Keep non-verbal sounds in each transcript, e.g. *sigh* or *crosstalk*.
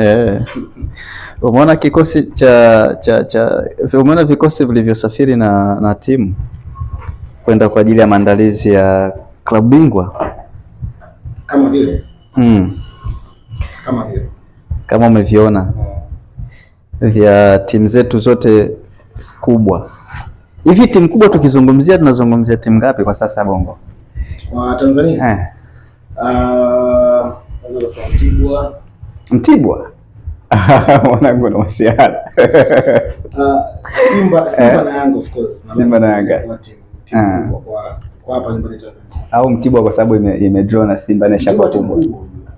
Eh. Umeona kikosi cha cha cha umeona vikosi vilivyosafiri na na timu kwenda kwa ajili ya maandalizi ya klabu bingwa kama vile mm. kama vile kama umeviona vya timu zetu zote kubwa. Hivi timu kubwa tukizungumzia tunazungumzia timu ngapi kwa sasa Bongo? Kwa Tanzania. Eh. Uh... Mtibwa, Mtibwa mwanangu *laughs* na masiara ah, eh. Simba na Yanga au Mtibwa kwa sababu imedraw na Simba na shamba kubwa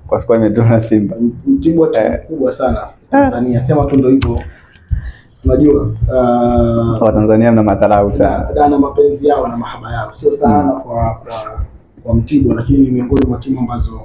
kwa sababu imedraw na Simba. Mtibwa timu eh. kubwa sana ah. Tanzania, sema tu ndio hivyo. Unajua uh, ah, Watanzania mna madharau sana na, na mapenzi yao na mahaba yao sio sana mm. kwa, kwa, Mtibwa, lakini miongoni mwa timu ambazo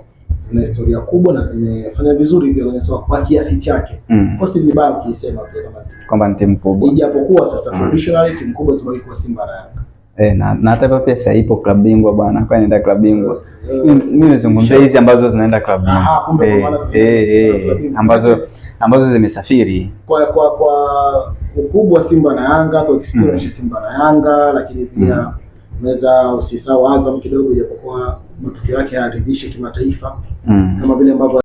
zina historia kubwa na zimefanya vizuri pia kwenye soka kwa kiasi chake. Mm. Kwa si vibaya ukisema pia kama kwamba ni timu kubwa. Ijapokuwa sasa mm. traditionally timu kubwa zimebaki kwa Simba na Yanga. Eh, na na hata hapo pesa ipo klabu bingwa bwana, kwa nenda klabu bingwa. Eh, eh. Mimi nazungumzia hizi ambazo zinaenda klabu ah, bingwa. Eh, eh, eh, ambazo ambazo zimesafiri. Kwa kwa kwa ukubwa Simba na Yanga, kwa experience mm. Simba na Yanga, lakini pia mm. unaweza usisahau Azam kidogo ijapokuwa matukio yake yanaridhisha kimataifa mm. kama vile ambavyo